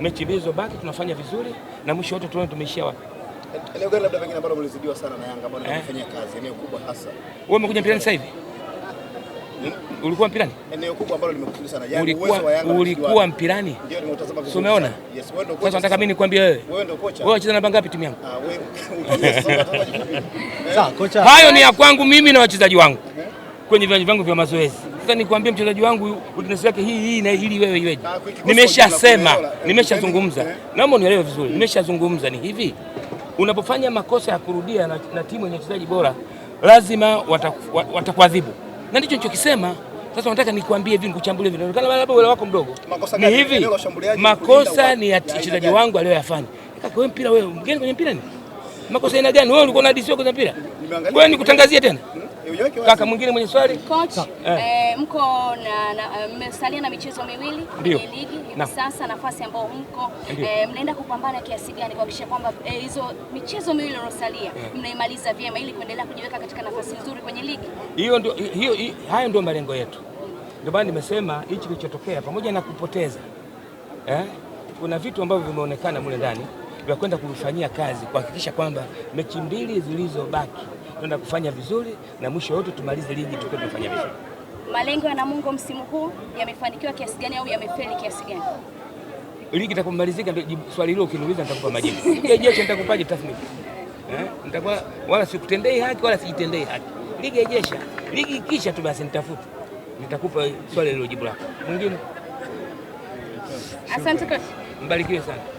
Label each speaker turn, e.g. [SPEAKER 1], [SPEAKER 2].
[SPEAKER 1] mechi mbili zilizobaki tunafanya vizuri na mwisho wote tuone tumeishia wapi.
[SPEAKER 2] Eneo gani labda pengine ambalo mlizidiwa sana na Yanga ambao wanafanya eh? kazi eneo kubwa hasa.
[SPEAKER 1] Wewe umekuja mpirani sasa hivi? Hmm? Ulikuwa mpirani?
[SPEAKER 2] Eneo kubwa ambalo limekufundisha sana
[SPEAKER 1] Yanga uwezo wa Yanga. Ulikuwa mpirani? Ndio nimeutazama vizuri. Umeona? Yes, wewe ndio kocha. Sasa nataka mimi nikwambie wewe.
[SPEAKER 2] Wewe ndio kocha. Wewe
[SPEAKER 1] unacheza namba ngapi timu yangu? Ah, wewe. Sasa kocha. Hayo ni ya kwangu mimi na wachezaji wangu. Eh? Kwenye viwanja vyangu vya mazoezi nataka nikwambie mchezaji wangu weakness yake hii hii na hili, wewe iweje? Nimeshasema, ah, nimeshazungumza, yaani, eh? naomba unielewe vizuri, nimeshazungumza. Ni hivi, unapofanya makosa ya kurudia na, na timu yenye wachezaji bora lazima watakuadhibu Wata na ndicho nichokisema. Sasa nataka nikwambie hivi, nikuchambulie hivi, Kana labda wewe wako mdogo. Ni hivi, makosa ni ya mchezaji wangu aliyoyafanya. Kaka wewe, mpira wewe mgeni kwenye mpira ni makosa ina gani? Wewe ulikuwa na DC kwenye mpira, wewe nikutangazie tena hmm? Kaka mwingine mwenye swali
[SPEAKER 3] coach, eh, eh, mko na, na eh, mmesalia na michezo miwili kwenye ligi hivi sasa, nafasi ambayo mko eh, mnaenda kupambana kiasi gani kuhakikisha kwamba eh, hizo eh, michezo miwili iliyosalia mnaimaliza vyema ili kuendelea kujiweka katika nafasi nzuri kwenye ligi
[SPEAKER 1] hiyo? Ndio hiyo, hayo ndio malengo yetu. Ndio maana nimesema hichi kilichotokea pamoja na kupoteza eh, kuna vitu ambavyo vimeonekana mule ndani vya kwenda kufanyia kazi kuhakikisha kwamba mechi mbili zilizobaki tunaenda kufanya vizuri na mwisho wote tumalize ligi tukiwa tumefanya vizuri.
[SPEAKER 3] Malengo ya Namungo msimu huu yamefanikiwa kiasi gani au yamefeli kiasi gani?
[SPEAKER 1] Ligi itakapomalizika ndio swali hilo ukiniuliza nitakupa majibu. je, nitakupaje tathmini? Eh, nitakuwa wala sikutendei haki wala sijitendei haki. Ligi ijesha. Ligi kisha tu basi nitafuta. Nitakupa swali hilo jibu lako. Mwingine? Asante kwa. Mbarikiwe sana.